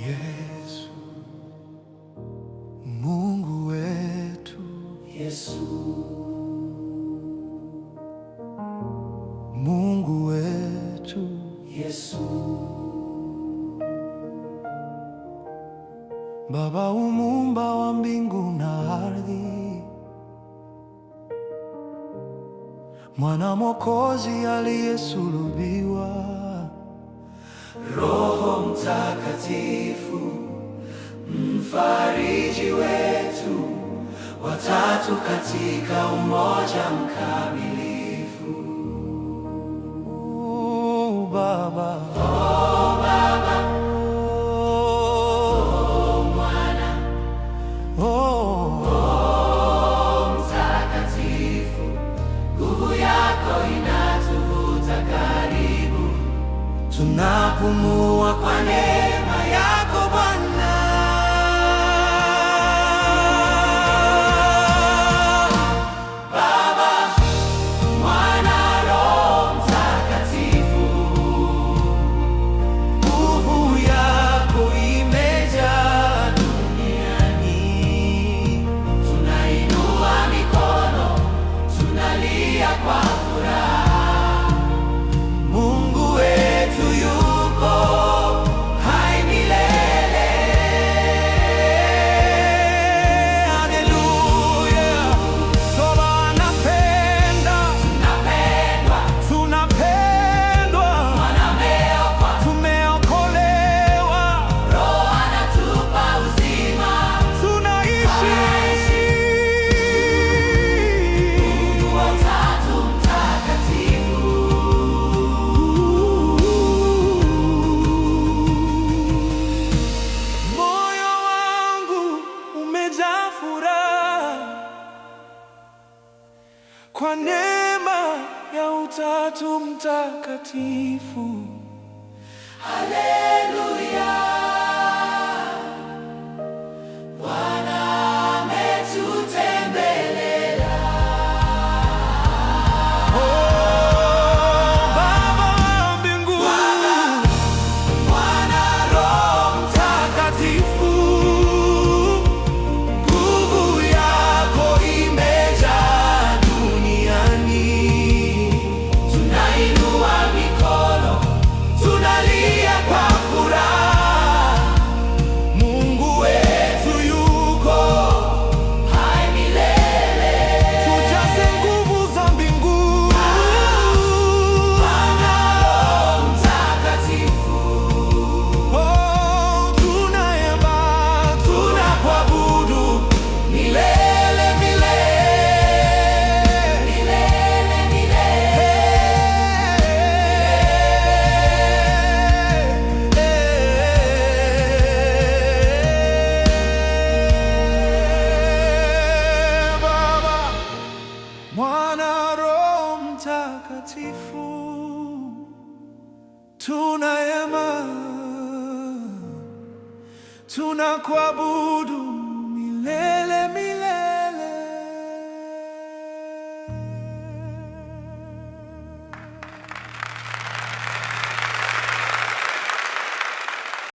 Yesu Mungu wetu, Yesu Mungu wetu, Yesu Baba umumba wa mbingu na ardhi, Mwana Mwokozi aliyesulubiwa Roho Mtakatifu, mfariji wetu, watatu katika umoja mkamilifu. Baba tunapumua kwa neno furaha kwa neema ya Utatu Mtakatifu. Haleluya. Mwana Roho Mtakatifu tunayema tunakuabudu milele.